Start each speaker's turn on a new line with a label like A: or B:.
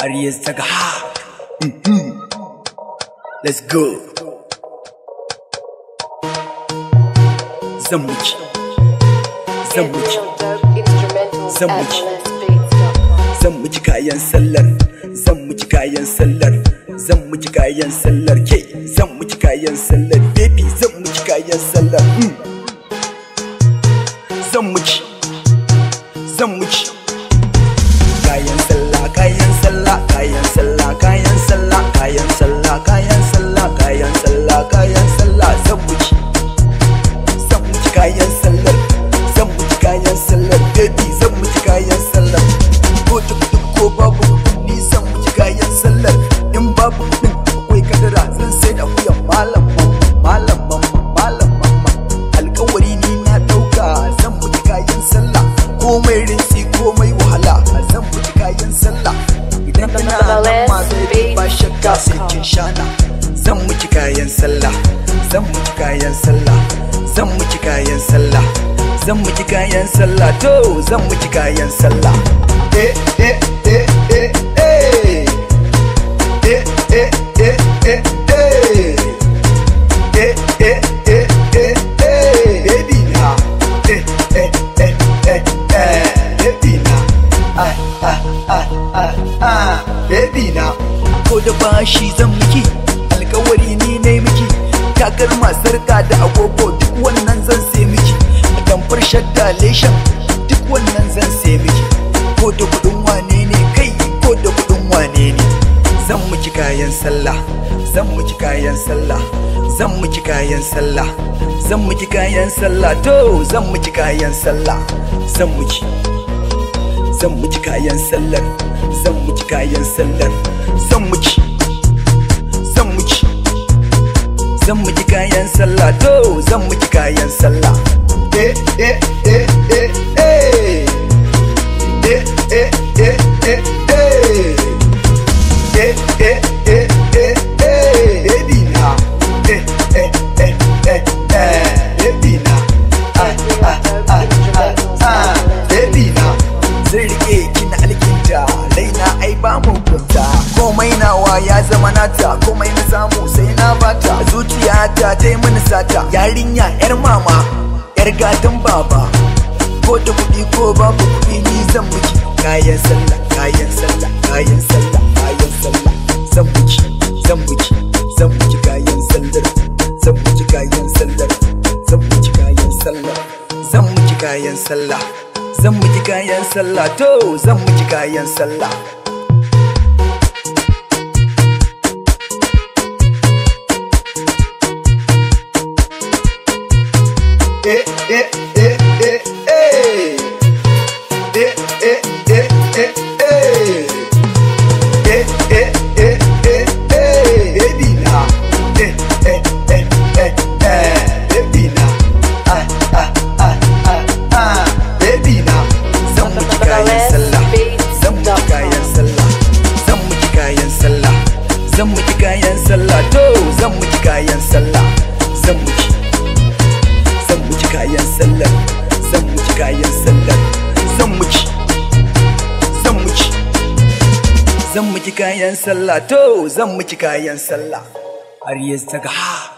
A: Aries daga ha. Let's go. Zan muki. Zan muki. Zan Zan kayan sallar. Zan kayan sallar. Zan kayan sallar ke. Zan kayan sallar baby. Zan kayan sallar. Hmm. Zan muki. ¡Gracias! cikin shana zan miki kayan sallah zan ci kayan sallah zan ci kayan sallah zan ci kayan sallah to zan ci kayan sallah eh eh eh eh eh eh eh eh eh eh eh eh
B: eh
A: Baby now. ko da bashi zan miki alkawari ni ne miki kakar sarka da agogo duk wannan zan sai miki tamfar shadda leshen duk wannan zan sai miki ko da kudin wane ne kai ko da kudin wane ne zan miki kayan sallah zan miki kayan sallah zan miki kayan sallah zan miki kayan sallah to zan miki kayan sallah zan miki zan miki kayan sallar zan miki kayan sallar zan miki zan miki zan miki kayan sallah to zan miki kayan sallah eh eh eh eh eh ya zama nata komai na samu sai na bata zuciya ta ta yi mini sata yarinya yar mama yar gadon baba ko da kuɗi ko babu kuɗi ni zan miki kayan sallah kayan sallah kayan sallah kayan sallah zan miki zan miki zan miki kayan sallar zan miki kayan sallar zan miki kayan sallar zan miki kayan sallah zan miki kayan sallah to zan miki kayan sallah zan muji kayan sallah to zan muji kayan sallah zan muji kayan sallar zan miki kayan sallar zan miki zan miki zan miki kayan sallah to zan miki kayan sallah har yanzu ga ha